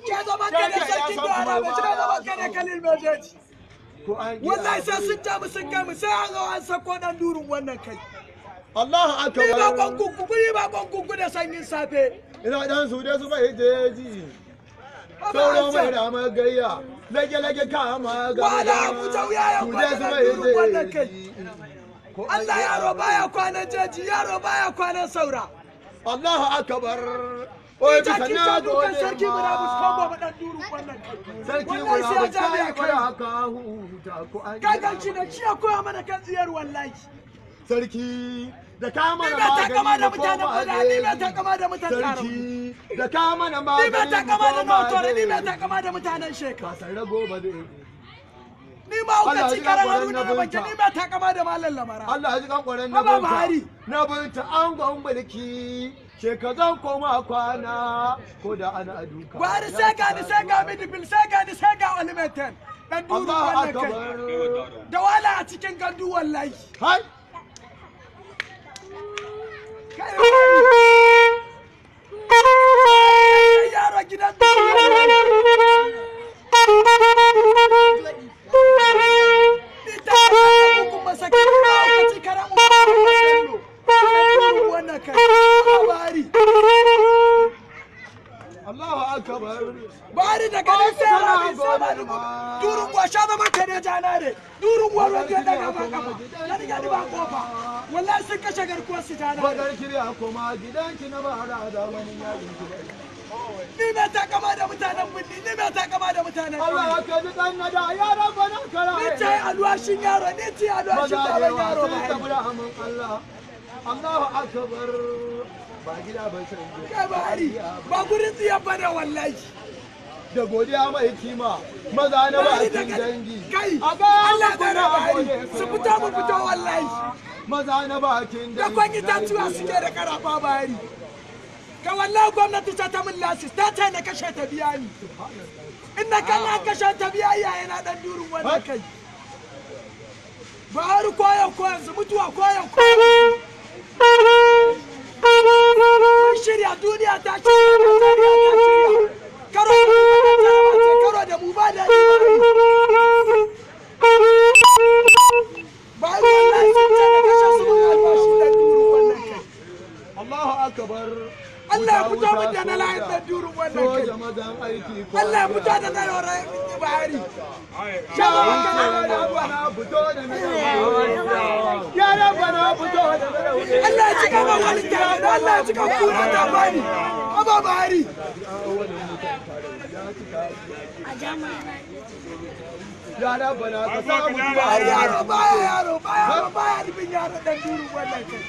ke zama ka ne sarkin gara mai ka ne sai sun sun kai mu sai an an sako durin wannan kai ni ba ba da sanyin safe ina dan su da su bai jeji sauran mai da magayya lage lage ka magayya wala mu ya wannan kai Allah yaro baya kwanan jeji yaro baya kwanan saura akbar Oye bisa na gode sarki murabus kan baba dan duru wannan kan sarki murabus sai kai haka huta koya mana kan tsiyar wallahi sarki da ka mana magani ko ba ne ni ta kama da mutanen sarki da ka mana magani ko ba ne ni ta kama da mutanen sheka ba zai ni ma uka ci karan haruna da baki ni ma ta kama da malam lamara Allah ji kan kwaran na binta na binta an gwan mulki ce ka zan koma kwana ko da ana duka gwari sai ga ni sai ga midfield sai ga ni sai ga ultimate dan duru wannan kai da wala a cikin gandu wallahi hai yaro gidan duru bari da ganin sai rabi sama da durun kuwa sha ne jana ne durun kuwa ruwan da daga ba na riga ba kofa wallahi sun kashe garkuwar su jana badar gidanki na bara da wani yaji ni me ta kama da mutanen birni ni me ta kama da mutanen Allah ya kai dan na da yara kara ni ce alwashin yaro ni ce alwashin yaro ba Allahu akbar ba gida ba sai kai ba hari ba gurin tsiya da wallahi da godiya mai kima maza na ba cikin dangi kai Allah da na hari su fita mu fita wallahi maza na ba cikin dangi da kwan itatuwa suke da karafa ba hari ka wallahi gwamnati ta ta min lasis ta ce na kashe ta biya ni inda kana kashe ta biya iyaye na dan durin wannan kai ba har koyan koyan su mutuwa koyan koyan Allah ya fito mu da na layin da wannan kai Allah ya fito da na lura bahari shawarar da na lura abuwa ya rabba bana fito da Allah ya cika ma wani tare da Allah ya cika kuma da bani aba bahari a jama'a yara bana ka samu bahari yaro baya yaro baya baya rubin yaro da duru wannan kai